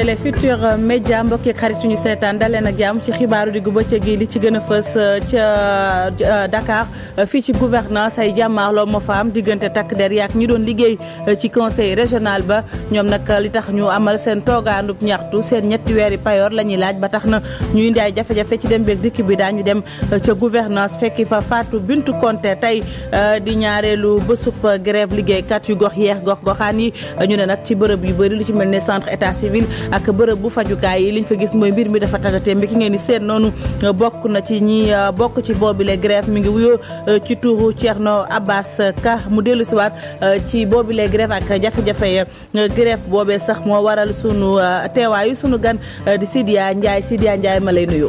télé futur média mbokk yeeg xarit suñu seetaan daleen ak jàmm ci xibaaru diggu bëccëg gi li ci gën a fës euh, ca euh, Dakar euh, fii ci gouvernance ay jàmmaarloo moo fa am diggante takk der yaak ñi doon liggéey ci conseil régional ba ñoom nag li tax ñu amal seen toogaanub ñaxtu seen ñetti weeri payoor la ñuy laaj ba tax na ñu indi ay jafe-jafe ci dem beeg dikk bi daañu dem ca gouvernance fekki fa Fatou bintu Konté tey di ñaareelu bësub grève liggéeykat yu gox yeex gox goxaan yi ñu ne nag ci bërëb yu bëri lu ci mel ne centre état civil ak bërëb bu fajukaay yi liñ fa gis mooy mbir mi dafa tagatee mbi ki ngeen di seet noonu bokk na ci ñi bokk ci boobile grève mi ngi wuyoo ci ceex Thierno Abbas Ka mu dellu si waat ci boobile grève ak jafe-jafe grève boobee sax moo waral sunu teewaayu sunu gan di Sidia Ndiaye Sidia Ndiaye ma lay nuyu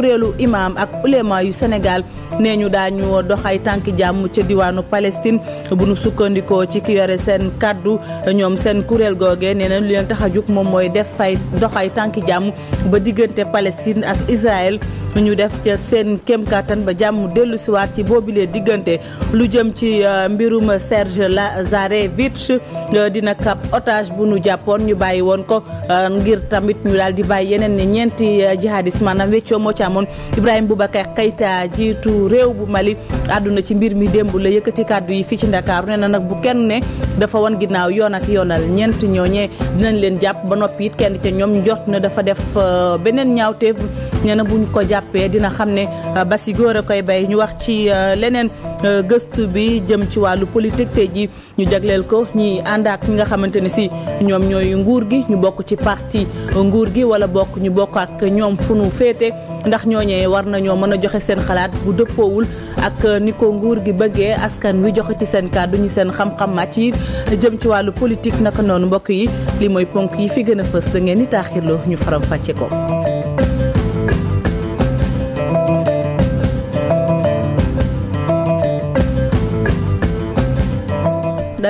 kuréelu imaam ak ulema yu Sénégal nee ñu daañu dox ay tànk jàmm ca diwaanu Palestine bu nu sukkandikoo ci ki yore seen kàddu ñoom seen kuréel googe nee na leen tax a jug moom mooy def fay dox ay tànk jàmm ba diggante Palestine ak Israël. ñu def ca seen kem kattan ba jàmm dellu siwaat ci boobi boobilee diggante lu jëm ci euh, mbirum Serge Lazarevitch euh, dina kap otage bu nu jàppoon ñu bàyyi woon ko euh, ngir tamit ñu daal di bàyyi yeneen ne ñeenti jihadis maanaam weccoo moo ci amoon Ibrahima Boubacar Keïta jiitu réew bu Mali àdduna ci mbir mi démb la yëkkati kàddu yi fii ci Ndakaaru ne na nag bu kenn ne dafa wan ginnaaw yoon ak yoonal ñeent ñooñee dinañ leen jàpp ba noppi kenn ca ñoom njort na dafa def beneen ñaawteef nee na buñ ko jàppee dina xam ne euh, basi góor a koy bay ñu wax ci politik euh, euh, gëstu bi jëm ci wàllu politique tey ji ñu jagleel ko ñi ànd ak ñi nga xamante ne si ñoom nguur gi ñu ci parti nguur gi wala bokk ñu bokk ak ñoom funu fete féete ndax ñooñee war nañoo mën a joxe seen xalaat bu dëppoowul ak ni ko nguur gi askan wi joxe ci seen kàddu ñu seen xam-xam màcc yi jëm ci wàllu politique naka non mbokk yi li mooy ponk yi fi gën a da ngeen ni ñu faram ko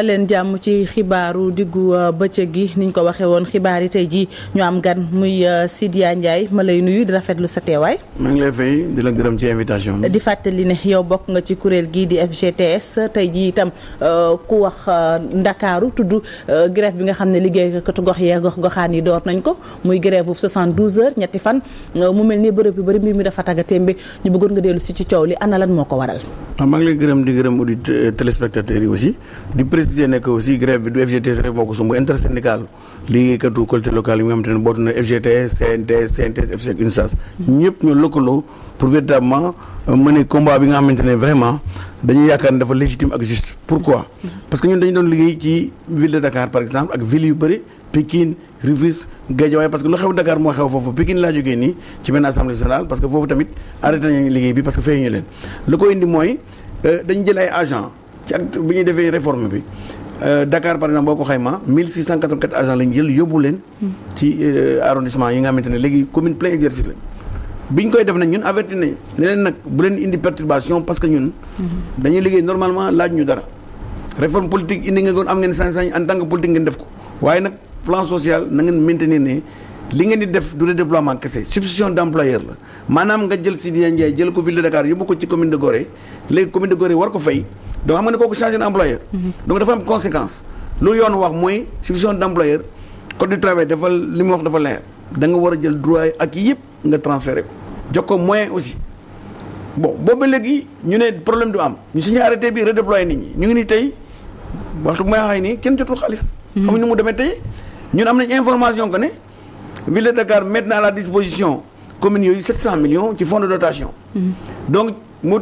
daleen jàmm ci xibaaru diggu euh, bëccëg gi niñ ko waxee woon xibaar yi tey ji ñu am gan muy euh, Sidia Ndiaye ma lay nuyu di rafetlu sa teewaay. maa ngi lay fay di la gërëm ci invitation bi. di fàttali ne yow bokk nga ci kuréel gii di FGTS tey ji itam euh, ku wax Ndakaaru tudd grève bi nga xam ne liggéeykatu gox yee gox goxaan door nañ ko muy grève bu 72 heures ñetti fan mu mel ni bërëb yu bëri mbir mi dafa tagga témbe ñu bëggoon nga dellu si ci coow li ana lan moo waral. maa ngi lay gërëm di gërëm audit téléspectateurs yi aussi di préciser ne que aussi grève bi du FGTS rek moo ko sumb intersyndical liggéeykatu collectivité locale yi nga xamante ne bootu na FGTS CNTS CNTS FCEC UNSAS ñëpp ñoo lëkkaloo pour véritablement euh, mener combat bi nga xamante ne vraiment dañu yaakaar ne dafa légitime ak juste pourquoi parce que ñun dañu doon liggéey ci ville de Dakar par exemple ak ville yu bëri Pikine Rufisque Guédiawaye parce que lu xew Dakar moo xew foofu Pikine laa jógee nii ci benn assemblée générale ci at bi ñuy defee réforme bi euh Dakar par exemple boko xayma 1684 agents lañ jël yóbbu len ci euh, arrondissement yi nga xamante légui commune plein exercice lañ. biñ koy def nak ñun averti nañ ne leen nag bu len indi perturbation parce que ñun. dañuy liggéey normalement laaj ñu dara. réforme politique indi nga gon am ngeen sañ-sañ en tant que politique ngeen def ko waye nak plan social na ngeen maintenir né li ngeen di def du redéploiement kessé substitution d'employeur la manam nga jël sidi Ndiaye jël ko ville de Dakar yóbbu ko ci commune de goré léegi commune de goré war ko fay do xam nga ne kooku changé mm-hmm. donc dafa am conséquence lu yoon wax moy substitution d'employeur employeur code du travail dafa li wax dafa leer da nga wara jël droit ak yépp nga transférer ko jox moyen aussi bon booba léegi ñu né problème du am ñu suñu arrêté bi redéployer nit ñi ñu ngi ni tay waxtu bu may waxee nii kenn jotul xaliss mm-hmm. xam nu mu démé tay ñun am nañ information que ne ville de Dakar maintenant à la disposition a eu 700 millions qui font de dotation. Mm-hmm. donc mu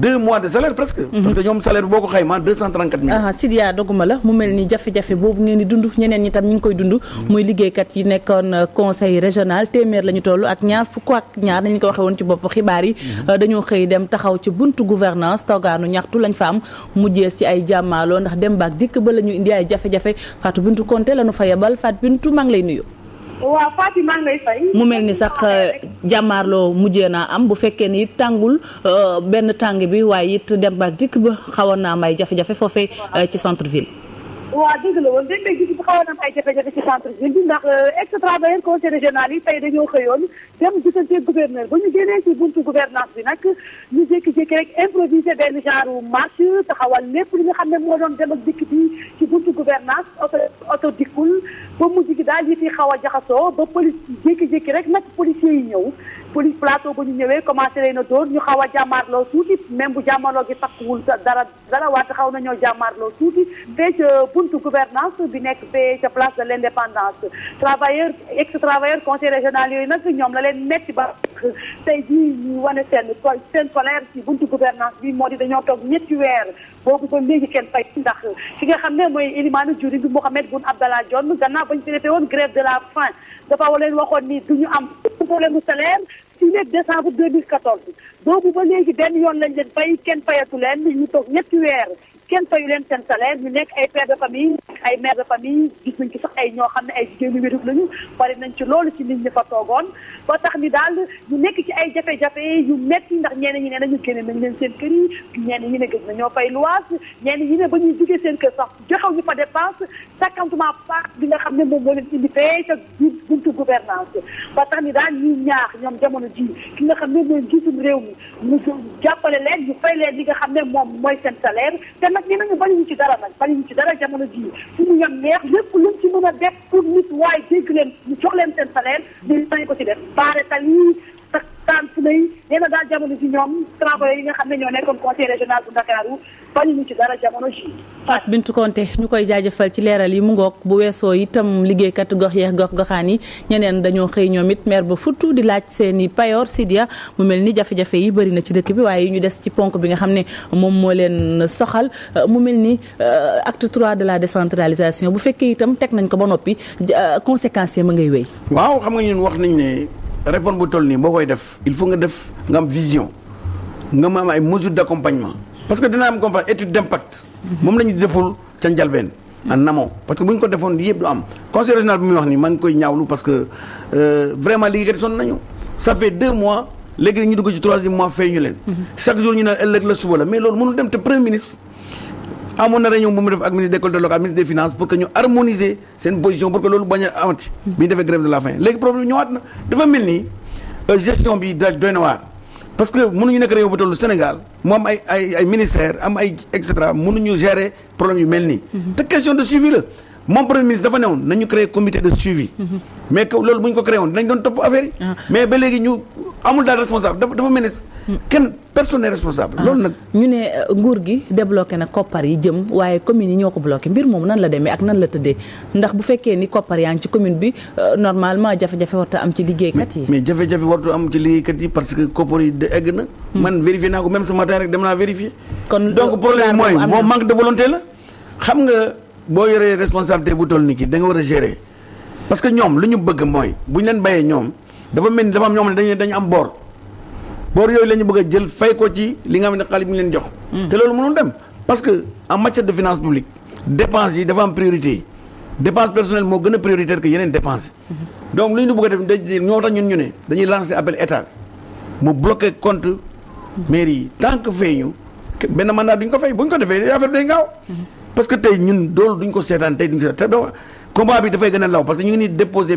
deux mois de salaire presque. Mhm. parce que ñoom salaire bi boo ko xaymaa deux cent trente quatre mille. Sidia doguma la mu mel ni jafe-jafe boobu ngeen di dund ñeneen ñi tam ñu ngi koy dund. Mhm. muy liggéeykat yi nekkoon euh, conseil régional téeméer la ñu toll ak ñaar fukk ak ñaar nañu ko waxee woon ci bopp xibaar yi. Mhm. Euh, dañoo xëy dem taxaw ci buntu gouvernance toogaanu ñaxtu lañ fa am mujjee si ay jàmmaaloo ndax dem baak dikk ba la ñu indi ay jafe-jafe Fatou Bintou Konté la ñu fa yebal Fatou Bintou maa lay nuyu. waaw mu mel ni sax euh, jàmmaarloo mujjee naa am bu fekkee ni it tàngul euh, benn tàng bi waaye it dem ba dikk ba xawoon naa may jafe-jafe foofee euh, ci centre ville. waaw dëgg la woon léeg-léeg gis nga xawoon na am ay jafe-jafe ci centre ville bi ndax ex travailleur conseil yi tey dañoo xëyoon. dem gisante gouverneur ba ñu génnee ci buntu gouvernance bi nag ñu jékki-jékki rek improvisé benn genre marche taxawal lépp li nga xam ne moo doon dem ak dikk bi ci buntu oto auto auto dikkul ba mujj ki daal yi fi xaw a jaxasoo ba police jékki-jékki rek nag policiers yi ñëw police plateau ba ñu ñëwee commencé leen a dóor ñu xaw a jàmmaarloo tuuti même bu jàmmaarloo gi takkuwul dara dara waate xaw na ñoo jàmmaarloo tuuti fee ca buntu gouvernance bi nekk fee ca place de l' indépendance travailleur ex travailleur conseil régional yooyu nag ñoom la leen métti ba tey jii ñu wane seen seen colère ci buntu gouvernance bi moo di dañoo toog ñetti weer boobu ba léegi kenn fay ndax ki nga xam ne mooy ilimaanu juri bi Mouhamed Boun Abdallah Dionne gannaaw bañ fi defee woon grève de la faim dafa wa leen waxoon ni duñu am problème salaire ci nekk décembre 2014 boobu ba léegi benn yoon lañ leen fay kenn fayatu leen ñu toog ñetti weer kenn fayu leen seen salaire ñu nekk ay père de famille ay mère de famille gis nañ ci sax ay ñoo xam ne ay jigéenu wéru lañu bari nañ ci loolu ci nit ñi fa toogoon ba tax ni daal ñu nekk ci ay jafe-jafe yu metti ndax ñenn ñi ne nañu génne nañ leen seen kër yi ñenn ñi ne gëj nañoo fay luwaas ñenn ñi ne ba ñuy jugee seen kër sax joxew ñu fa dépense sàkkantumaa paak bi nga xam ne moom moo leen indi fee te buntu gouvernance ba tax ni daal ñuy ñaax ñoom jamono ji ki nga xam ne mooy njiitum réew mi mu jàppale leen ñu fay leen li nga xam ne moom mooy seen salaire te nag nee nañu bañuñu ci dara nag bañuñu ci dara jamono ji fu mu yem neex lépp luñ ci mën a def pour nit waaye dégg leen ñu jox leen seen salaire di nañ ko ci def baare tal yi tànk nay nee na daal jamono ji ñoom travailleurs yi nga xam ne ñoo nekkoon conseil régional bu ndakaaru bañuñu ci dara jamono ji Fatou Bintou Konté ñu koy jaajëfal ci leeral yi mu ngoog bu weesoo itam liggéeykat gox yeex gox goxaan yi ñeneen dañoo xëy ñoom it maire ba futtu di laaj seen i payoor Sidia mu mel ni jafe-jafe yi bëri na ci dëkk bi waaye ñu des ci ponk bi nga xam ne moom leen soxal mu mel euh, acte 3 de la décentralisation bu fekkee itam teg nañ ko ba noppi euh, conséquences ya ma ngay wéy waaw xam nga ñun wax nañ ne réforme bu toll ni boo koy def il faut nga def nga am vision nga ma am ay mesures d'accompagnement parce que dina am compagnie étude d'impact. mom lañu deful ca njalbeen en amont parce que buñ ko defone yeb du am conseil régional bu mi wax ni maa koy ñaawlu parce que euh, vraiment liggéeykat son nañu. ça fait 2 mois léegi ñu dugg ci 3e mois fay ñu leen. Mhm. chaque jour ñu ne ëllëg la suba la mais loolu mënu dem te premier ministre amone na réunion bu mu def ak ministre de l'Économie, ministre des finances pour que ñu harmoniser sen position pour que l'on baña amati. bi defé grève de la faim légui problème ñëwaat na dafa melni ni euh, gestion bi de noir parce que ñu nek réew bu tollu Sénégal mu am ay ay ay am ay mënu ñu gérer problème yu melni mm-hmm. té question de suivi la premier ministre dafa newoon nañu créer comité de suivi. Mm-hmm. mais que l'on buñ ko créer woon dinañ don top affaire ah. mais ba légui ñu amul dal responsable dafa dafa kenn personne n'est responsable. Ah. loolu nag ñu ne euh, nguur gi débloqué na koppar yi jëm waaye commune yi ñoo ko bloqué mbir moom nan la demee ak nan la tëddee ndax bu fekkee ni koppar yaa ngi ci commune bi euh, normalement jafe-jafe warta am ci liggéeykat yi. mais jafe-jafe wartu am ci liggéeykat yi parce que koppar yi de egg na. Hmm. man vérifié naa ko même ce matin rek dem naa vérifier. kon donc problème mooy moo manque de volonté la. xam nga boo yoree responsabilité bu toll nii kii da nga war a gérer parce que ñoom lu ñu bëgg mooy bu ñu leen bayee ñoom dafa mel ni dafa ñoom dañu dañu am bor boor yooyu la ñu bëgg a jël fay ko ci li nga xam ne xaalis bi ñu leen jox. Hmm. te loolu mënul dem parce que en de finance publique dépense yi dafa am priorité dépense personnelle moo gën a prioritaire que yeneen dépense hmm. donc li ñu bëgg a def dañuy ñoo tax ñun ñu ne dañuy lancer appel état mu bloqué compte mairie yi tant benn mandat duñ ko fay buñ ko defee affaire day ngaaw. Hmm. parce tey ñun doolu duñ ko seetaan tey duñ ko seetaan te doo combat bi dafay gën a law parce ñu ngi nii déposé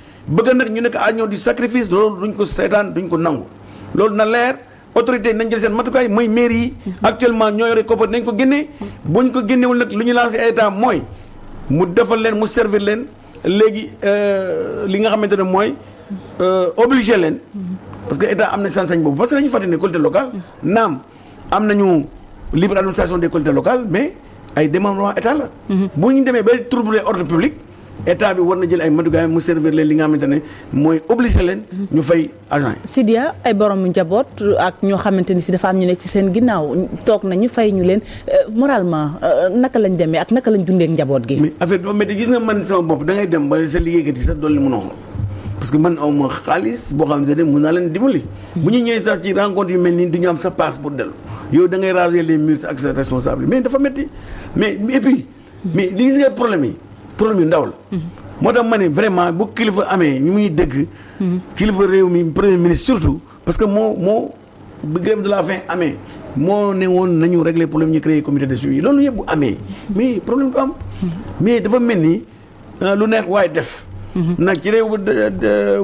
bëgg nag ñu nekk à ñëw di sacrifice loolu duñ ko seetaan duñ ko nangu loolu na leer autorité yi nañ jël seen matukaay mooy mairie yi mm-hmm. actuellement ñoo yore koppar nañ ko génnee mm-hmm. buñ ko génnewul nag lu ñu lancé état mooy mu defal leen mu servir leen léegi euh, li nga xamante ne mooy euh, obligé leen mm-hmm. parce que état am na sañ-sañ boobu parce que dañu fàtte ne collectivité locale naam am nañu libre administration des collectivités locales mais ay démembrement état la bu ñu demee ba troubler ordre état bi warna jël ay matukaay mu servir le li nga xamantene moy obligé len ñu fay agent Sidia ay borom njaboot ak ñoo xamante ci dafa am ñu ne ci seen ginnaaw toog nañu fay ñu len euh, moralement euh, naka lañ démé ak naka lañ ak njaboot gi. mais affaire dafa metti gis nga man sama bop da ngay dem ba sa liggéeykat yi sa doli mënoo xool parce que man aw ma xaalis bo xamante ne mun naa leen bu ñu ñëw sax ci rencontre yu melni du ñu am sa passe pour dellu yow da ngay raser les murs ak sa responsable mais dafa metti mais et puis mais li nga problème yi. problème yu ndaw la. moo tax vraiment bu kilifa amé ñu muy dégg. kilifa réew mi premier ministre surtout parce que mo mo bu grève de la faim amé mo ne woon nañu régler problème ñu créer comité de suivi lolu yëpp bu amee mais problème bu am. mais dafa melni lu neex way def. nag ci réew bu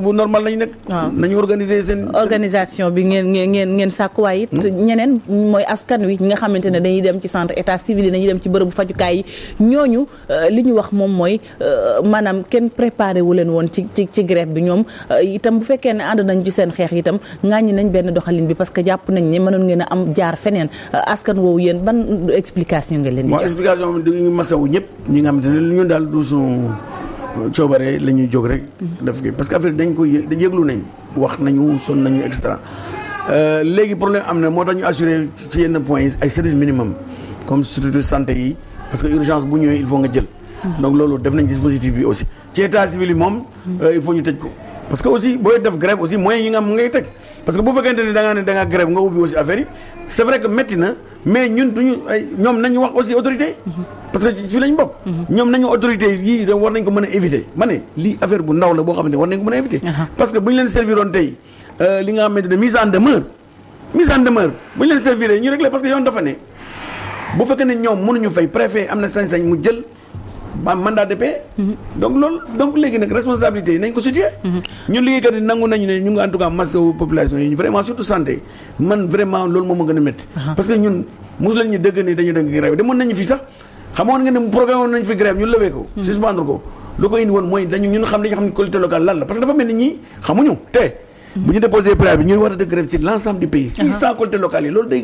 bu normal lañ nekk. Ah. nañu organiser seen. organisation bi ngeen ngeen ngeen sàkkuwaay it. Hmm? ñeneen mooy askan wi ñi nga xamante ne dañuy dem ci centre état civil yi dañuy dem ci bërëbu fajukaay ñooñu euh, li ñu wax moom mooy euh, maanaam kenn préparé wu leen woon ci ci ci grève bi ñoom euh, itam bu fekkee ne ànd nañ ci seen xeex itam ŋàññi nañ benn doxalin bi parce que jàpp nañ ne mënoon ngeen am jaar feneen askan woowu yéen ban explication ngeen leen di jox. waaw explication bi dañuy masawu ñëpp ñi nga xamante ne ñun daal du suñu coobare lañu jog rek def gi parce que affaire dañ ko yeglu nañ wax nañu son nañu extra euh, légui problème amna mo tañu assurer ci yenn points ay service minimum comme surtout santé yi parce que urgence bu ñëw il faut nga jël donc lolu def nañ dispositif bi aussi ci état civil mom euh, il faut ñu tej ko parce que aussi boy def grève aussi moyen yi nga ngay tej parce que bu fekkente ni da nga ni da nga grève nga ubi aussi affaire yi c'est vrai que metti na mais ñun duñu ay ñoom nañu wax aussi autorité parce que ci lañ bokk ñoom nañu autorité yi da war ko mën a éviter ma ne lii affaire bu ndaw la boo xamante war nañ ko mën uh-huh. parce que bu ñu leen serviroon tey euh, nga xamante ne mise en demeure mise en demeure bu ñu leen servir ñu réglé parce que yoon dafa ne bu fekkee ne ñoom mënuñu fay préfet am na sañ-sañ mu jël mandat de paix. Mhm. donc loolu donc léegi nag responsabilité yi ko situé. Mhm. ñun liggéeykat yi nangu nañu ne ñu ngi en tout cas masse population yi vraiment surtout santé man vraiment loolu moom ma gën a métti. parce que ñun mos lañ dëgg ni dañu dëgg grève demoon nañu fi sax xamoon nga ne programme woon nañu fi grève ñu levee ko. Mhm. suspendre ko lu ko indi woon mooy dañu ñun xam dañu xam ne collectivité locale lan la parce que dafa mel ñii xamuñu bu ñu déposé préavis bi ñu war ci l' ensemble du pays. 600 collectivités locales yi loolu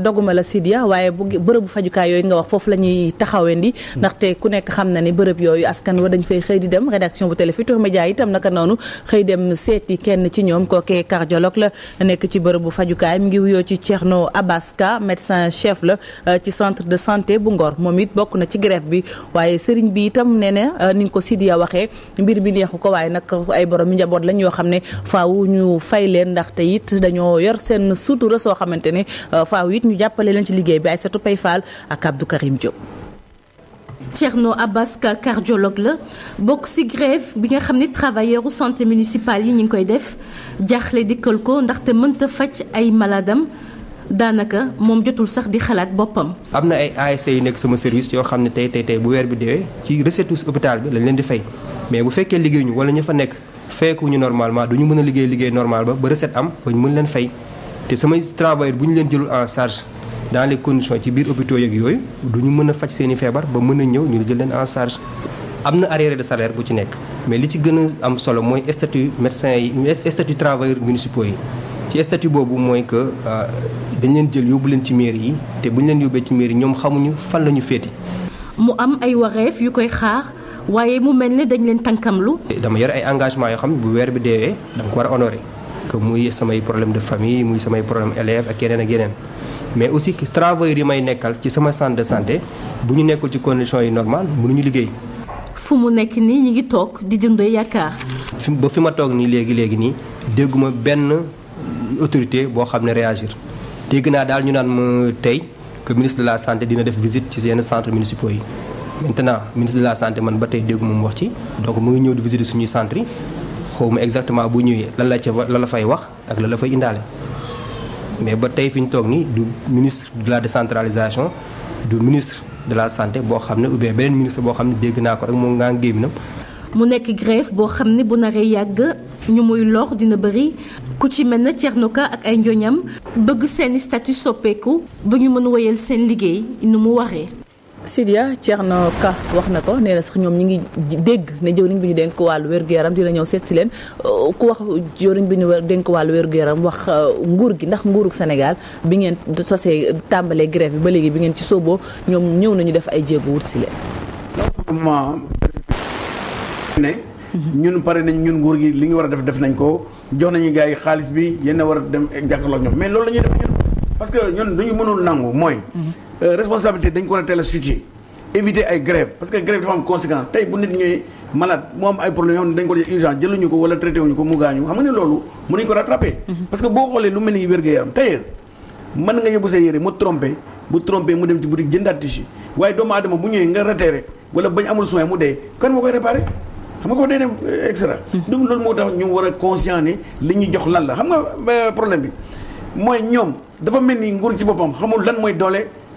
a euh, waaye bu bërëbu fajukaay yooyu nga wax foofu la ñuy taxawandi. Hmm. ndaxte ku nekk xam na ni bërëb yooyu askan wa dañ fay xëy di dem rédaction bu Télé Futurs Médias itam naka noonu xëy dem seeti kenn ci ñoom kookee cardiologue la nekk ci bërëbu fajukaay mi ngi wuyoo ci Thierno Abass Ka médecin chef la euh, ci centre de santé bu Ngor moom it bokk na ci grève bi waaye sëriñ bi itam nee na euh, ni nga ko Sidia waxee mbir bi neexu ko waaye nag ay borom njaboot lañu yoo xamné ne faaw ñu fay leen ndax ndaxte it dañoo yor seen sutura soo xamante ne euh, faaw it ñu jappalé leen ci liggéey bi Aïssatou Paye Fall ak Abdou Karim Diop. Thierno Abbas cardiologue la bokk ci grève bi nga xamné ne travailleur santé municipale yi ñu koy def jaaxle dikkal ko ndaxte mënta faj ay maladam danaka mom jotul sax di xalat bopam amna ay ASC yi nek sama service yo xamné ne tey tey bu wër bi deewee ci recette hôpital bi lañ leen di fay mais bu féké liggéey ñu wala ñu fa nekk. feekuñu normalement duñu mën a liggéey liggéey normal ba ba recette am ba ñu mën leen fay te samay travailleurs bu ñu leen jëlul en charge dans les conditions ci biir hôpitaux yeeg yooyu duñu mën a faj seeni feebar ba mën a ñëw ñu jël leen en charge am na arriéré de salaire bu ci nekk mais li ci gën a am solo mooy statut médecin yi statut travailleurs municipaux yi ci statut boobu mooy que euh, dañ leen jël yóbbu leen ci mairie yi te bu ñu leen yóbbee ci mairie ñoom xamuñu fan la ñu féete waaye mu mel ni dañ leen tànkamlu. dama yore ay engagement yoo xam ne bu weer bi deewee da ko war a honorer que muy samay problème de famille muy samay problème élève ak yeneen ak yeneen mais aussi travailleurs yi may nekkal ci sama centre de santé bu ñu nekkul ci conditions yi normales ñu liggéey. fu mu nekk nii ñu ngi toog di dundee yaakaar. fi ba fi ma toog nii léegi léegi nii dégguma benn autorité boo xam ne réagir dégg naa daal ñu naan ma tey que ministre la santé dina def visite ci yenn centres municipaux yi. maintenant ministre de la santé man ba tey déggu moom wax ci donc mu ngi ñëw di visiter suñu centre yi xaw exactement bu ñëwee lan la ca la la fay wax ak la la fay indaale mais ba tey fi ñu toog ni du ministre de la décentralisation du ministre de la santé boo xam ne ou beneen ministre boo xam ne dégg naa ko rek moom ngaa nam mu nekk grève boo xam ne bu naree yàgg ñu muy lor dina bëri ku ci mel na Thierno ak ay njoñam bëgg seeni statut soppeeku ba ñu mën wéyal seen liggéey ni mu waree Sidia Thierno Ka wax nako neena sax ñom ñi ngi deg ne jëwriñ biñu ñu denk wal wérgu yaram dina ñëw sét ci len euh, ku wax jëwriñ biñu ñu denk wal wérgu yaram wax euh, nguur gi ndax nguuruk Sénégal bi ngeen sosé tambalé grève bi ba légui bi ngeen ci sobo ñom ñëw nañu def ay jéego wut si leen. ñun paré nañ ñun nguur gi li ñu wara def def nañ ko jox nañu gaay xaaliss bi yeen wara dem jàkkaarloo ñoom mais loolu lañu def ñun parce que ñun duñu mënul nangu moy. Mhm. Euh, responsabilité dañ ko war a teel a situer éviter ay grève parce que grève dafa am conséquence tey bu nit ñëwee malade mu am ay problème yoo xam ne dañ ko jël urgence jëluñu ko wala traité wuñu ko mu gaañu xam nga ne loolu mën nañu ko rattraper. Mhm. parce que boo xoolee lu mel ni wér-gu-yaram mu trompé bu trompé mu dem ci boutique jëndaat tissu waaye doomu aadama bu ñëwee nga rateere wala bañ amul soin mu dee kan moo koy réparé xam nga ko dee dem extra euh, mhm. donc loolu moo tax ñu war a conscient ne li ñu jox lan la xam nga euh, problème bi mooy ñoom dafa mel ni nguur ci boppam xamul lan mooy doole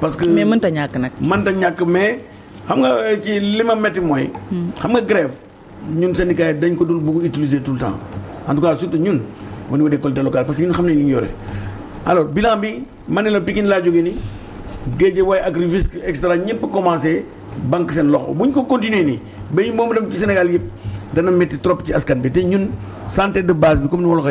parce que mais mënta ñàkk nag. mënta ñàkk mais xam nga euh, ci li ma métti mooy. Hmm. xam nga grève ñun syndicat yi dañ ko du bëgg utiliser tout le temps en tout cas surtout ñun au niveau des collectivités locales parce que ñun xam nañ li ñu yore. alors bilan bi ma ne la Pikine laa jógee ni Guédiawaye ak Rufisque et cetera ñëpp commencé banque seen loxo bu ñu ko continuer nii ba ñu moom dem ci Sénégal yëpp dana métti trop ci askan bi te ñun santé de base bi comme ni ma la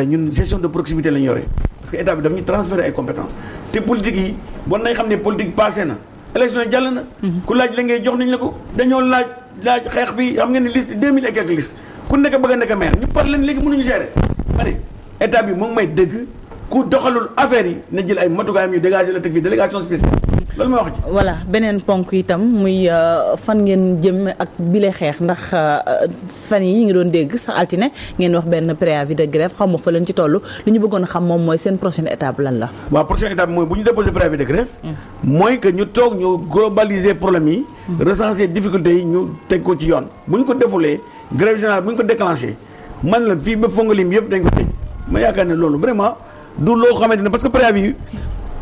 waxee ñu parce que état bi daf ñu transférer ay compétences te politique yi bon nañ xam ne politique passé na élection yi jàll na. Mhm. ku laaj la ngay jox nañ la ko dañoo laaj laaj xeex fii xam ngeen ne deux mille et quelques listes ku nekk bëgg a nekk maire ñu par leen léegi mënuñu gérer ma ne état bi moom may dëgg ku doxalul affaire yi na jël ay matukaayam ñu dégager la teg fii délégation spéciale. loolu ma wax ji voilà beneen ponk itam muy euh, fan ngeen jëm ak bile xeex ndax euh, fan yi ngi doon dégg sax altine ngeen wax benn préavis de grève xaw ma fa leen ci toll li ñu bëggoon a xam moom mooy seen prochaine étape lan la. waaw prochaine étape mooy bu ñu déposé préavis de grève. Mm. mooy que ñu toog ñu globaliser problème yi. Mm. recenser difficultés yi ñu teg ko ci yoon. bu ñu ko defulee grève générale bu ñu ko déclenché man la fii ba fongalim yëpp dañ ko tëj ma yaakaar ne loolu vraiment du loo xamante ne parce que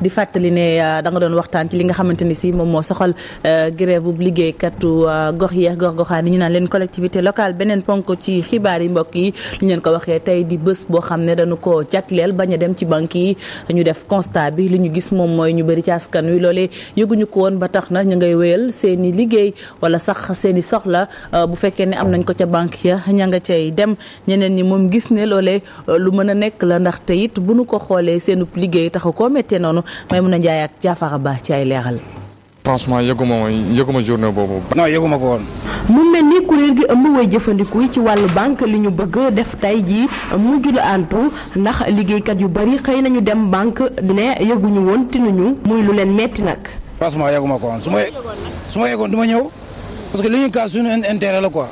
di fàttali ne euh, da nga doon waxtaan ci li nga xamante ni si moom moo soxal euh, grève bu liggéeykatu euh, gox yi gox goxaan ñu naan leen collectivité locale beneen ponk ci xibaar yi mbokk yi ñu leen ko waxee tey di bés boo xam dañu ko jagleel bañ a dem ci banque ñu def constat bi li ñu gis moom mooy ñu bëri ci askan wi loolee yëguñu ko woon ba tax na ñu ngay wéyal seen liggéey wala sax soxla bu am nañ ko ya ña nga dem ñeneen ñi moom gis ne loolee lu mën a nekk la ndaxte it ko liggéey Maimouna Ndiaye ak Diafara Ba ci ay leexal leeral. franchement yëguma yëguma journée boobu. non yëguma ko woon. mu mel ni kuréel gi ëmb way jëfandiku yi ci wàllu banque li ñu bëgg def tey jii mujj la antu ndax liggéeykat yu bari xëy nañu dem banque ne yëguñu woon tinuñu muy lu leen metti nag. franchement yëguma ko woon su ma su ma yëgoon du ñëw parce que li ñu kaas suñu intérêt la quoi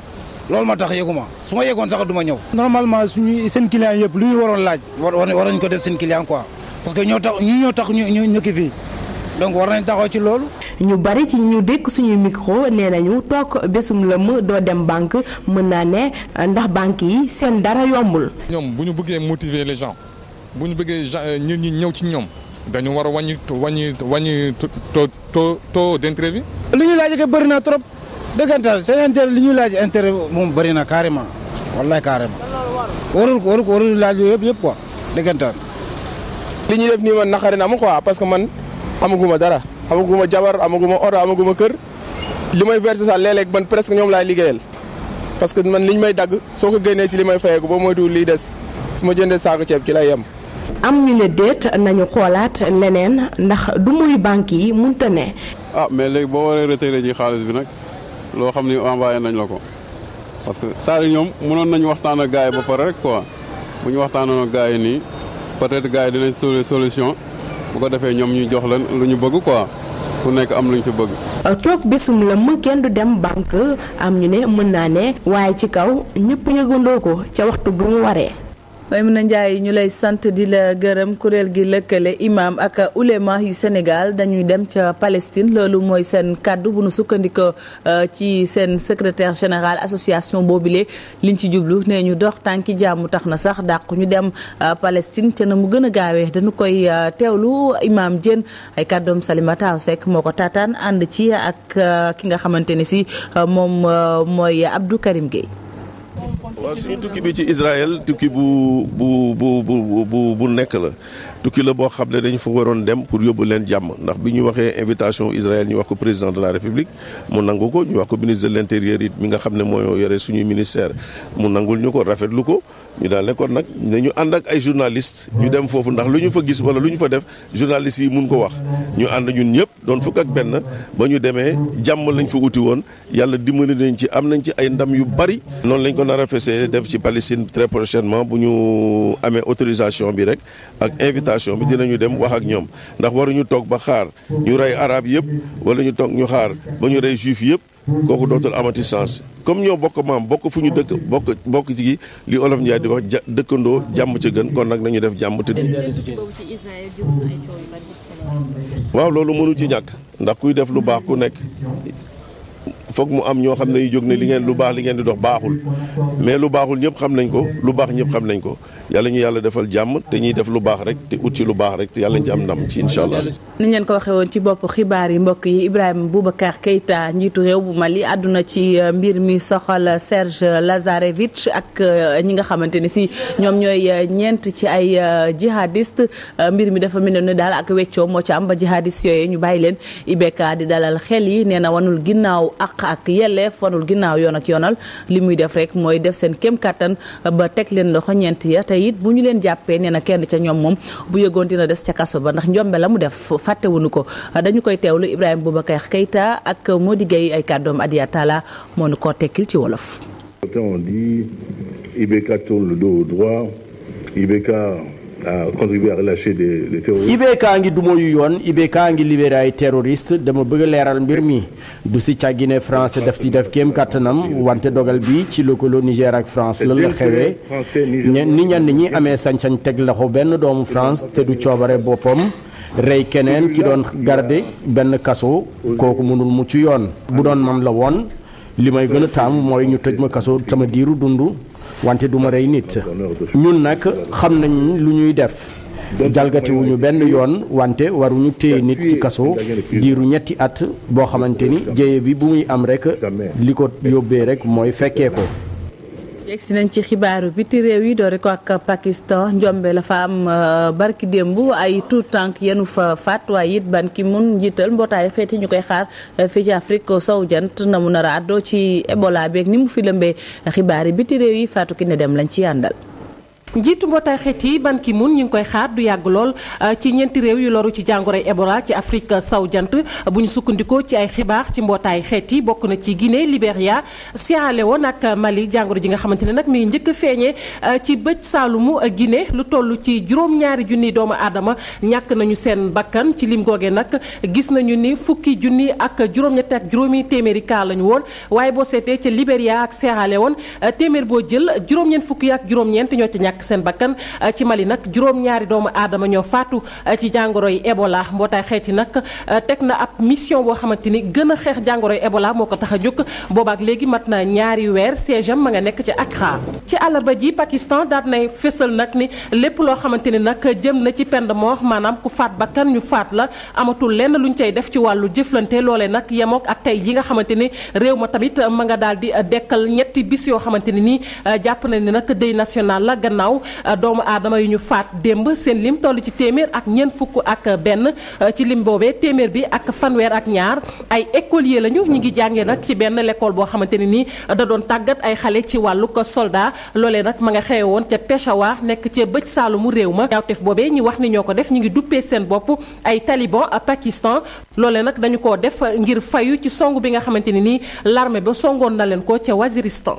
loolu ma tax yëguma su ma yëgoon sax du ma ñëw. normalement suñu seen client yëpp lu ñu waroon laaj. war war nañ ko def seen client quoi. parce que ñoo tax ñu ñoo tax ñu ñu ñëkki fii donc war nañ taxaw ci loolu. ñu bari ci ñu dékk suñuy micro nee nañu toog bésum lëmm doo dem banque mën naa ne ndax banque yi seen dara yombul. ñoom bu ñu buggee motiver les gens bu ñu bëggee euh, nit ñi ñëw ci ñoom dañu war a wàññi wàññi wàññi taux taux bi. li ñu laaj ko bëri na trop dëggantaan seen intérêt li ñu laaj intérêt moom bëri na carrément wallaay carrément. warul warul warul laaj yooyu yëpp yëpp quoi dëggantaan. li ñu def nii man naqari na ma quoi parce que man amaguma dara amaguma jabar amaguma oto amaguma kër li may versé sax léeg-léeg man presque ñoom laay liggéeyal parce que man ñu may dagg soo ko génnee ci li may fayeeku ba moytuwul liy des su ma jëndee saako ceeb ci lay yem. am ñu ne déet nañu xoolaat leneen ndax du muy banque yi mënta ne. ah mais léegi boo waree retiré ci xaalis bi nag loo xam ni envoyé nañ la ko parce que saa ñoom mënoon nañu waxtaan ak gars yi ba rek quoi bu ñu waxtaanoon gars yi nii. peut-être gars yi dinañ trouver solution bu ko defee ñoom ñu jox leen bëgg quoi ku nekk am lu ci bëgg. toog bésum lëmm kenn du dem banque am ñu ci kaw waxtu bu mu Maymuna Ndiaye ñu lay sant di la gërëm kuréel gi lëkkale imaam ak ulema yu Sénégal dañuy dem ca Palestine loolu mooy seen kàddu bu nu sukkandikoo euh, ci seen secretaire général association boobu boobule liñ ci jublu nee ñu dox tànki jàmm tax na sax dàq ñu dem euh, Palestine te na mu gën a gaawee dañu koy euh, teewlu imaam jën ay kàddoom Salimata Aw Seck moo ko taataan ànd ci ak ki nga xamante ne si moom mooy Abdou Karim Gueye. waaw suñu tukki bi ci Israël tukki bu bu bu bu bu nekk la tukki la boo xam ne dañ fa waroon dem pour yóbbu leen jàmm ndax bi ñu waxee invitation Israël ñu wax ko président de la république mu nangu ko ñu wax ko ministre de l' intérieur it mi nga xam ne mooy yore suñuy ministère mu nangul ñu ko rafetlu ko ñu daal ne kon nag ne ñu ànd ak ay journaliste ñu dem foofu ndax lu ñu fa gis wala lu ñu fa def journaliste yi mun ko wax ñu ànd ñun ñëpp doon fukk ak benn ba ñu demee jàmm lañ fa uti woon yàlla dimbali nañ ci am nañ ci ay ndam yu bari noonu lañ ko nar a fesee def ci Palestine très prochainement bu ñu amee autorisation bi rek population bi dinañu dem wax ak ñoom ndax waruñu toog ba xaar ñu rey araab yëpp wala ñu toog ñu xaar ba ñu rey juif yëpp kooku dootul amati sens comme ñoo bokk maam bokk fu ñu dëkk bokk bokk ci li olof Ndiaye di wax ja dëkkandoo jàmm ci gën kon nag nañu def jàmm te. waaw loolu mënu ci ñàkk ndax kuy def lu baax ku nekk foog mu am ñoo xam ne yu jóg ne li ngeen lu baax li ngeen di dox baaxul mais lu baaxul ñëpp xam nañ ko lu baax ñëpp xam nañ ko. yalla ñu yalla defal jamm te ñi def lu baax rek te uti lu baax rek te yalla ñu am ndam ci inshallah allah. ni ñen ko waxe won ci bop xibaar yi mbokk yi ibrahim Boubacar Keita njitu rew bu Mali aduna ci euh, mbir mi soxal euh, Serge Lazarevich ak euh, ñi nga xamanteni ni si ñoom ñooy ñeent ci ay jihadiste mbir mi dafa mel dal ak weccoo mo ci am ba jihadiste yoy ñu bàyyi IBK di dalal xel yi neena wanul ginnaw ak ak yelleef fonul ginnaw yon ak yonal limuy def rek moy def sen kem katan ba tek leen loxo ñent ya it bu ñu leen jàppee nee na kenn ca ñoom moom bu yëgoon dina des ca kaso ba ndax njombe la mu def fàttewuñu ko dañu koy teewlu Ibrahima Boubacar Keita ak Mody Gueye ay kàddoom Adia Talla moo nu ko tekkil ci wolof. Quand on dit IBK tourne le dos Euh, a contribué à relâcher des des terroristes. IBK ngi dumooyu yoon IBK ngi libéré ay terroriste dama bëgg leeral mbir mi du si càggine France daf si def kéem kattanam wante dogal bi ci lëkkaloo Niger ak France lan la xewee ni ñenn ñi amee sañ-sañ teg loxo benn doomu France te du coobare boppam rey keneen ki doon garde benn kaso kooku mënul mucc yoon. bu doon mam la woon li may gën a taamu mooy ñu tëj ma kaso sama diiru dund. wante du ma rey nit ñun nag xam nañ lu ñuy def jalgatiwuñu benn yoon wante waruñu téye nit ci kaso diiru ñetti at boo xamante ni jéye bi bu muy am rek li ko yóbbee rek mooy fekkee ko yegg si nañ ci xibaaru biti réew yi doore ko ak Pakistan njombe la fa am euh, barki démb ay tout tànk yenu fa faat waaye it ban ki mun njiital mbootaayu xeet yi ñu koy xaar euh, fii ci Afrique sow jant na mun nar a àddoo ci Ebola beeg ni mu fi lëmbee xibaar yi biti réew yi faatu ki ne dem lañ ci yàndal njiitu mbootaay xeet yi Ban Ki-moon ñu ngi koy xaar du yàgg lool euh, ci ñenti réew yu loru ci jàngoro Ebola ci Afrique euh, saw jant bu ñu sukkandikoo ci ay xibaar ci mbootaay xeet yi bokk na ci Guinée Libéria Sierra Leone ak Mali jàngoro ji nga xamante ne nag mi njëkk a feeñee euh, ci bëj saalumu Guinée lu toll ci juróom-ñaari junni doomu aadama ñàkk nañu seen bakkan ci lim googee nag gis nañu ni fukki junni ak juróom-ñett ak juróomi téeméeri kaa lañu woon waaye boo seetee ca Libéria ak Sierra Leone téeméer boo jël juróom-ñeent fukki ak juróom-ñeent ñoo ca ñàkk ñàkk seen bakkan euh, ci Mali nag juróom-ñaari doomu aadama ñoo faatu euh, ci jàngoro yi Ebola mbootaay xeeti nag euh, teg na ab mission boo xamante ni gën a xeex jàngoro yi Ebola moo ko tax a jóg boobaak léegi mat na ñaari weer siège am ma nga nekk ci ak Accra ci àllarba ji Pakistan daal nay fésal nag ni lépp loo xamante ni nag jëm na ci pend de mort maanaam ku faat bakkan ñu faat la amatul lenn luñ cay def ci wàllu jëflante loole nag yemook ak tey yi nga xamante ni réew ma tamit ma nga daal di dekkal ñetti bis yoo xamante ni nii jàpp na ni nag deuil la ginnaaw euh, doomu aadama yu ñu faat démb seen lim toll ci téeméer ak ñeent fukk ak euh, benn euh, ci lim boobee téeméer bi ak fanweer ak ñaar ay écolier lañu ñu ngi jàngee nag ci benn lekkool boo xamante ne nii da doon tàggat ay xale ci wàllu ko soldat loolee nag ma nga xewe woon ca Peshawar nekk ca bëj saalumu réew ma ñaawteef boobee ñi wax ni ñoo ko def ñu ngi duppee seen bopp ay taliban Pakistan loole nag dañu ko def ngir fayu ci song bi nga xamante ne nii l'armée ba songoon na leen ko ca Waziristan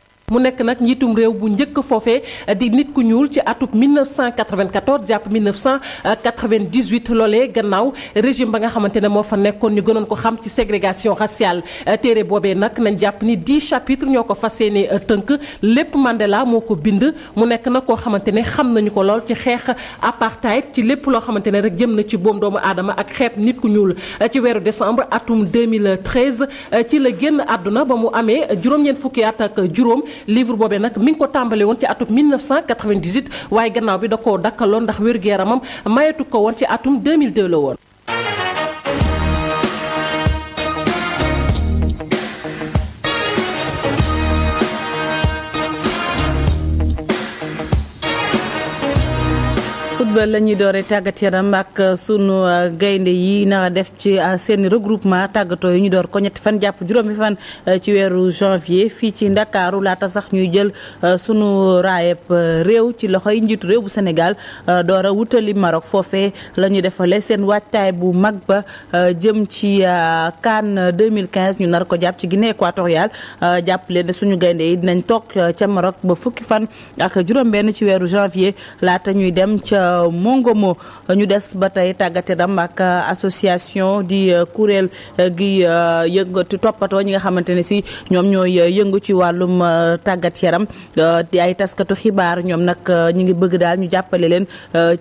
mu nekk nag njiitum réew bu njëkk foofee eh, di nit ku ñuul ci atub 1994 jàpp 1998 loolee gannaaw régime ba nga xamante ne moo fa nekkoon ñu gënoon ko xam ci ségrégation raciale eh, téere boobee nag nañ jàpp ni 10 chapitres ñoo ko fas yéene eh, tënk lépp Mandela moo ko bind mu nekk nag koo xamante ne xam nañu ko lool ci xeex apartheid ci lépp loo xamante ne rek jëm na ci boom doomu aadama ak xeet nit ku ñuul ci weeru décembre atum 2013 ci la génn àdduna ba mu amee juróom-ñeent fukki at ak juróom livre boobee nag mi ngi ko tàmbale woon ci atum 1998 waaye gannaaw bi da koo dakkaloon ndax wér-gu-yaramam mayetu ko woon ci atum 2002 la woon football la ñuy dooree tàggat yaram ak sunu euh, gaynde yi na def ci euh, seen regroupement tàggatoo yi ñu door ko ñetti fan jàpp juróomi fan euh, ci weeru janvier fii ci ndakaaru laata sax ñuy jël sunu raayeb réew ci loxo yi njiitu réew bu Sénégal door a wutali Maroc foofe la ñu defale seen waajtaay bu mag ba jëm ci CAN 2015 ñu nar ko jàpp ci Guinée équatoriale jàpp leen suñu gaynde yi dinañ toog ca Maroc ba fukki fan ak juróom benn ci weeru janvier laata ñuy dem mo ñu des ba tey tàggate dam ak euh, association di euh, kuréel euh, gi yëngatu toppatoo ñi nga xamante ne si ñoom ñooy yëngu ci wàllum tàggat yaram di ay taskatu xibaar ñoom nag ñu ngi bëgg daal ñu jàppale leen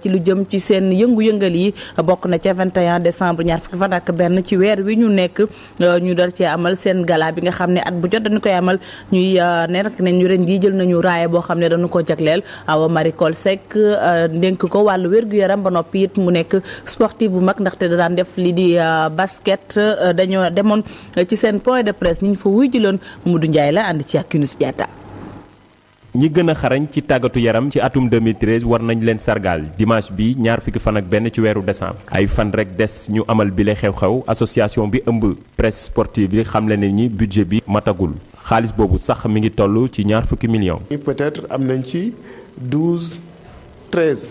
ci lu jëm ci seen yëngu-yëngal yi bokk na ca 21 décembre ñaar fukki fan ak benn ci weer wi ñu nekk ñu dal ci amal seen gala bi nga xam ne at bu jot dañu koy amal ñuy ne rek ne ñu ren jii jël nañu raaya boo xam ne dañu ko jagleel awa Marie Coll Seck wàllu wér-gu-yaram ba noppi it mu nekk sportif bu mag ndaxte da daan def li di euh, basket euh, dañoo demoon euh, ci seen point de presse ñu fa wuy ji loon Mamadou Ndiaye la ànd ci ak Yunus Diatta ñi gën xarañ ci tàggatu yaram ci atum 2013 war nañ leen sargaal dimanche bi ñaar fukki fan ak benn ci weeru décembre. ay fan rek des ñu amal bile xew-xew association bi ëmb presse sportive bi xamle ne ni budget bi matagul xaalis boobu sax mi ngi toll ci ñaar fukki millions. peut-être am nañ ci 12 13.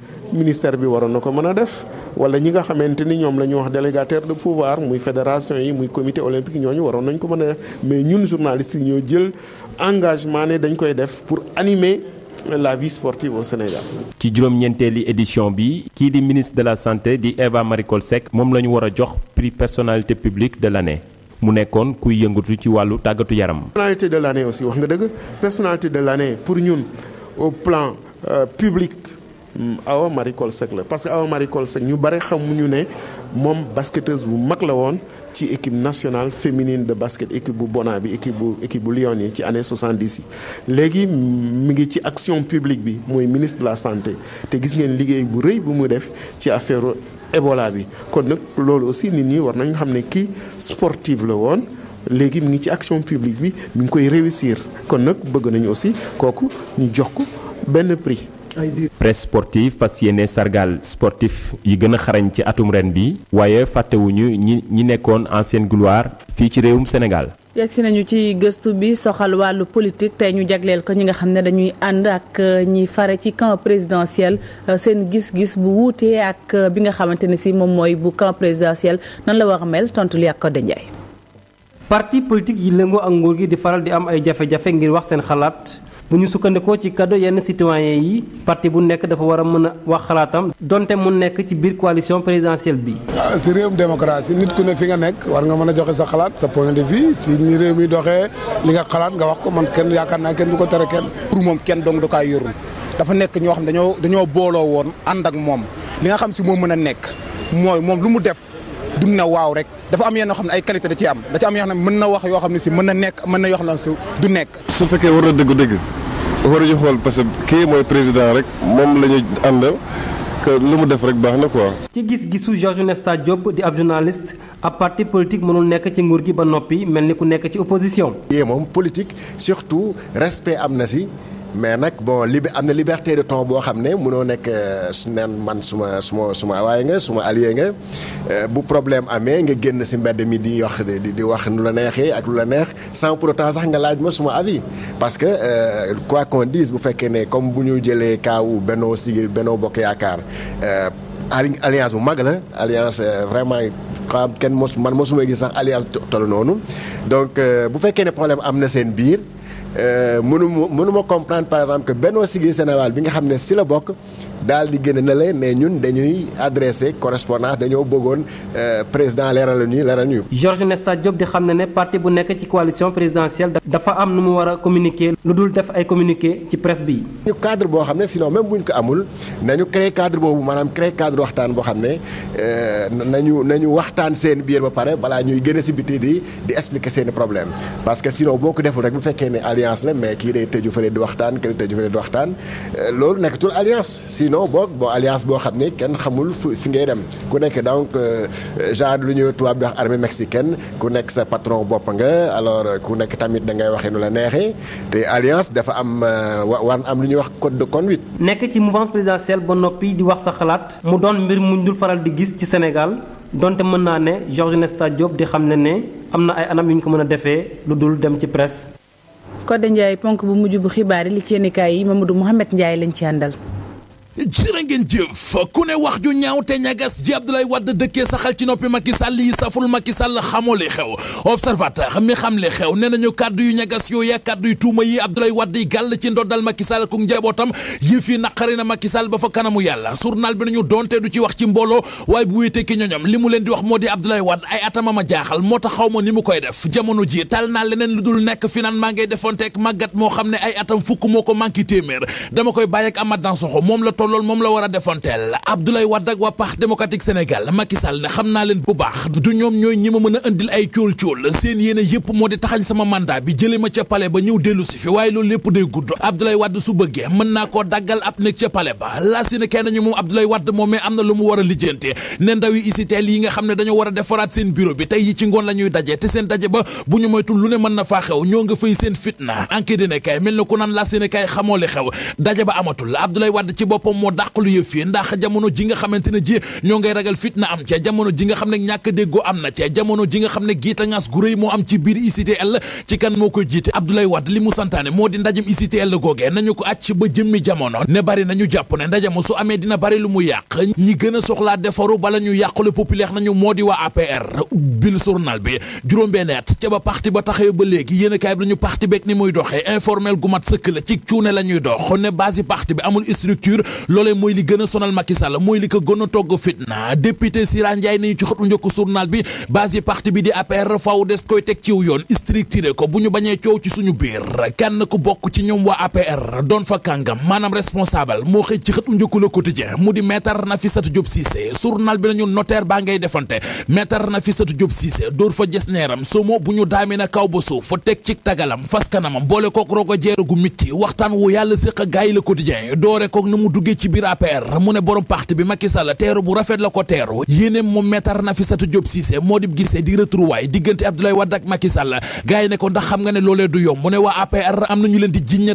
ministère bi waron nako ko def wala ñi nga xamanteni ñom lañu wax délégataire de pouvoir muy fédération yi muy comité olympique ñoñu waron nañ ko mën def mais ñun journalistes nous avons... jël engagement né dañ koy def pour animer la vie sportive au Sénégal. ci juroom ñenteli édition bi ki di ministre de la santé di Eva Marie Coll Seck moom la jox prix personnalité publique de l'année mu nekkoon kuy yëngatu ci wàllu tàggatu yaram. personnalité de l'année aussi wax nga dëgg personnalité de l'année pour ñun au plan euh, public. Mm, Awa Marie Coll sec la parce que Awa Marie Coll Seck ñu bare xamuñu ne moom basketteuse bu mag la woon ci équipe nationale féminine de basket équipe bu Bona bi équipe bu équipe bu Lyon yi ci année 70 yi. léegi mi ngi ci action publique bi mooy ministre la santé te gis ngeen liggéey bu rëy bu mu def ci affaire Ebola bi kon nag loolu aussi nit ñi war nañu xam ne kii sportive la woon. léegi mi ngi ci action publique bi mi ngi koy réussir kon nag bëgg nañu aussi kooku ñu jox ko benn prix presse sportive fas yéene sargal sportif yi gën a xarañ ci atum ren bi waaye fàttewuñu ñi ñi nekkoon ancienne gloire fii ci réewum Sénégal. si nañu ci gëstu bi soxal wàllu politique tey ñu jagleel ko ñi nga xam ne dañuy ànd ak euh, ñi fare ci camp présidentiel euh, seen gis-gis bu wuutee ak euh, bi nga xamante ne si moom mooy bu camp présidentiel nan la war a mel tontu li ak Codé Ndiaye. parti gi di faral di am ay jafe ngir wax seen xalaat. bu ñu sukkandikoo ci cadeau yenn citoyen yi parti bu nekk dafa war a mën a wax xalaatam donte mu nekk ci biir coalition présidentielle bi. Ah, si réewum démocratie nit ku ne fi nga nekk war nga mën a joxe sa xalaat sa point de vue ci ni réew mi doxee li nga xalaat nga wax ko man kenn yaakaar naa kenn du ko kenn. pour moom kenn dong do kaa yorul dafa nekk ñoo xam dañoo dañoo booloo woon ànd ak moom li nga xam si moo mën nek nekk mooy moom lu mu def du na waaw rek dafa am yenn xam ne ay qualité da ci am da ci am yoo xam ne mën na wax yoo xam ne si mën na nekk mën du nekk. su fekkee war na dëgg dëgg war waruñu xool parce que kii mooy président rek moom la ñu ànd que lu mu def rek baax na quoi. ci gis-gisu Georges Nesta Diop di ab journaliste ab parti politique mënul nekk ci nguur gi ba noppi mel ni ku nekk ci opposition. yee moom politique surtout respect am na si. mais nak bon li am liberté de ton bo xamné ne munoo nekk euh, man suma suma suma waaye nga suma allié nga euh, bu problème amé nga génn ci mbedd mi di wax di di wax nula nexé ak lu sans pour autant sax nga laaj ma suma avis parce que euh, quoi qu'on dise bu féké ne comme buñu ñu ka kaawu beno Siggil beno Bokk Yaakaar alliance bu mag la alliance vraiment quand kenn mos man mosuma gis sax alliance tollu noonu donc bu féké ne problème amna sen biir euh, mënu nous mënu ma comprendre par exemple que Beno Siggil Sénégal bi nga xam ne si la di génne na la mais ñun dañuy adressé correspondance dañoo bëggoon euh, président leeral ñu leeral ñu. Georges Nesta Diop di xamné né parti bu nekk ci coalition présidentielle dafa am nu mu wara communiquer lu dul def ay communiquer ci presse bi. ñu cadre bo xamné sinon même buñ ko amul nañu créé cadre bobu manam créé cadre waxtaan bo xamné ne euh, nañu nañu waxtaan seen biir ba paré bala ñuy gën ci si biti di di expliquer seen problème parce que sinon boo ko deful rek bu fekkee ne alliance la mais kii day tëju fële di waxtan kii day tëju fële di waxtaan euh, loolu nekkatul alliance sinon boog bo alliance bo xamné ne kenn xamul fi ngay dem ku nek donc euh, genre lu ñu tubaab wax armée mexicaine ku nek sa patron bop nga alors euh, ku nek tamit da ngay waxé nu la neexee te alliance dafa am war am lu ñuy wax code de conduite. nek ci mouvement présidentiel bo nopi di wax sa xalaat mu don mbir mu dul faral di gis ci Sénégal. donte mën naa ne Georges Nesta Diop di xam ne ne am na ay anam yu ñu ko mën a defee lu dul dem ci presse Codé Ndiaye ponk bu mujj bu xibaar yi li ci yéenekaay yi Mamadou Mouhamed Ndiaye lañ ci àndal. jërë ngeen jëf ku ne wax ju ñaw te ñagas ji Abdoulaye Wade dëkkee saxal ci noppi Macky Sall yi saful makki Sall xamoo li xew observateur mi xam li xew nee ñu kàddu yu ñagas yooya kàddu yu tuuma yi Abdoulaye Wade yi gàll ci ndoddal Macky Sall ku njabootam yëf yi naqari na Macky Sall ba fa kanamu yàlla journal bi nañu donte du ci wax ci mbooloo waaye bu wéetee ki ñoñom li mu leen di wax moo di Abdoulaye Wade ay atama a jaaxal moo tax xaw ma ni mu koy def jamono ji tal naa leneen lu dul nekk fi naan maa ngay defonteeg màggat moo xam ne ay atam fukk ko manqué téeméer dama koy bàyyi ak Amath Dansokho moom la tollool moom la war a defonteel Abdoulaye Wade ak waa Parti démocratique Sénégal Macky ne xam naa leen bu baax du ñoom ñooy ñi ma mën a indil ay cool cool seen yéene yëpp moo di taxañ sama mandat bi jële ma ca palais ba ñëw dellu si fi waaye loolu lépp day gudd Abdoulaye Wade su bëggee mën naa koo daggal ab nekk ca palais ba laa si ne kenn ñu moom Abdoulaye Wade moom am na lu mu war a lijjanti ne ndaw yi ICTEL yi nga xam ne dañoo war a defaraat seen bureau bi tey yi ci ngoon ñuy daje te seen daje ba bu ñu moytul lu ne mën nga fay seen fitna enquête dina kay mel na ku naan laa si ne kay xamoo li xew daje ba amatul Abdoulaye Wade ci boppam moo dàqalu yëf yi ndax jamono ji nga xamante ne ji ñoo ngay ragal fitna am ca jamono ji nga xam ne ñàkk déggoo am na ca jamono ji nga xam ne giitangaas gu rëy moo am ci biir ICTL ci kan moo koy jiite Abdoulaye Wade li mu santaane moo di ndajum ICTL googee nañu ko acc ba jëmmi jamono ne bari nañu jàpp ne ndajamu su amee dina bari lu mu yàq ñi gën a soxlaa defaru bala ñu yàqule populaire nañu moo di waa APR bil journal bi juróom-benn at ca ba parti ba taxawee ba léegi yéen a kaay bi nañu parti beeg ni muy doxee informel gu mat sëkk la ci cuune la ñuy dox loolee mooy li gën a sonal Macky Sall mooy li ko gën a togg fitna député Sira Ndiaye nañu ci xëtu njëkk journal bi base yi parti bi di APR faw des koy teg ciw yoon structuré ko bu ñu bañee coow ci suñu biir kenn ku bokk ci ñoom waa APR doon fa kàngam maanaam responsable moo xëy ci xëtu njëkk Le Quotidien mu di na maître Nafissatou Diop Cissé journal bi nañu notaire baa ngay defante fi Nafissatou Diop Cissé door fa jes neeram somo bu ñu daamee na kaw ba suuf fa teg ci tagalam fas kanamam boole kook roog a jeeru gu mitti waxtaan wu yàlla séq a jóge ci biir APR mu ne borom parti bi Macky Sall teeru bu rafet la ko teeru yéeneem moom Maître na ñu leen di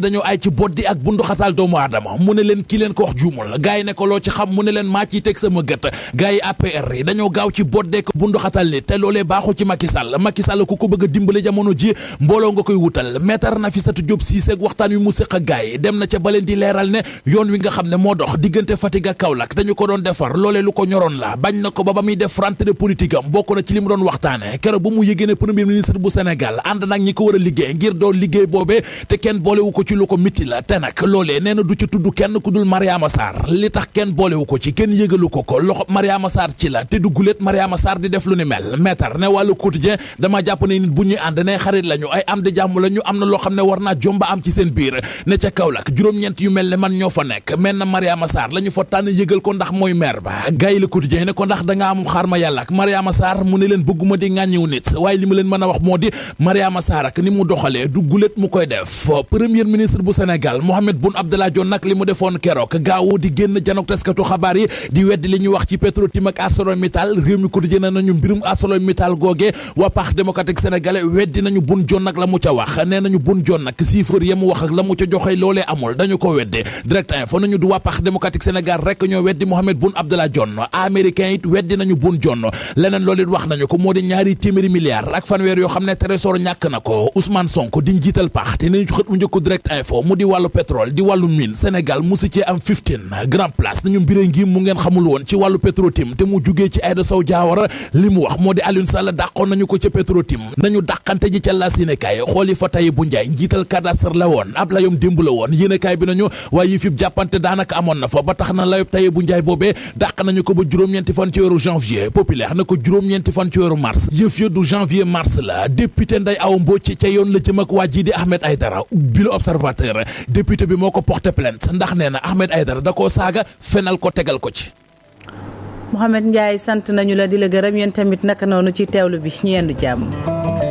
a waxtaan wi mu séq ak dem na ca baleen di leeral ne yoon wi nga xam ne moo dox diggante Fatick ak dañu ko doon defar loolee lu ko ñoroon la bañ na ko ba ba muy def rentrée politique bokk na ci li mu doon waxtaane keroog bu mu yégée ne premier ministre bu Sénégal ànd nag ñi ko war a liggéey ngir doon liggéey boobee te kenn boolewu ko ci lu ko mitti la te nag loolee nee na du ci tudd kenn ku dul Mariama Sarr li tax kenn boolewu ko ci kenn yëgalu ko ko loxo Mariama Sarr ci la te du guléet Mariama Sarr di def lu Mariama Sarr la ñu fa tànn ko ndax mooy maire ba gayi la ne ko ndax da am xaar ma yàlla ak Mariama Sarr mu ne leen bëgguma di ŋàññiw nit waaye li mën a wax moo di Mariama Sarr ak ni mu doxalee du gulet mu koy def premier ministre bu Sénégal Mohamed Boun Abdallah Dionne nag li mu defoon keroog gaaw di génn janok taskatu xabaar yi di weddi li ñuy wax ci Petro-Tim ak ArcelorMittal réew mi quotidien na nañu mbirum ArcelorMittal googe Parti démocratique Sénégal rek ñoo weddi Mohamed Boun Abdallah Dionne américain it weddi nañu Boun Dionne leneen loolu wax nañu ko moo di ñaari téeméeri milliards ak fanweer yoo xam ne trésor ñàkk na ko Ousmane Sonko di njiital parti nañu xët mu njëkko direct info mu di wàllu pétrole di wàllu mine Sénégal musu am grand place nañu mbiré ngi mu ngeen xamul woon ci wàllu Petro-Tim te mu jugee ci Aïda Sow Diawara li mu wax moo di Aliou Sall la sinekaay xooli amoon na fa ba tax na layub taye bu njaay boobee dàq nañu ko ba juróom-ñeenti fan janvier populaire na ko juróom-ñeenti fan mars yëf ya janvier mars la député nday aw mbocc ca yoon la jëm ak waa ji di Ahmed Aydara bi lu observateur député bi moo ko porté plainte ndax nee na Ahmed Aydara da ko saaga fenal ko tegal ko ci Mohamed Ndiaye sant nañu la di la gërëm yéen tamit naka noonu ci teewlu bi ñu yendu jàmm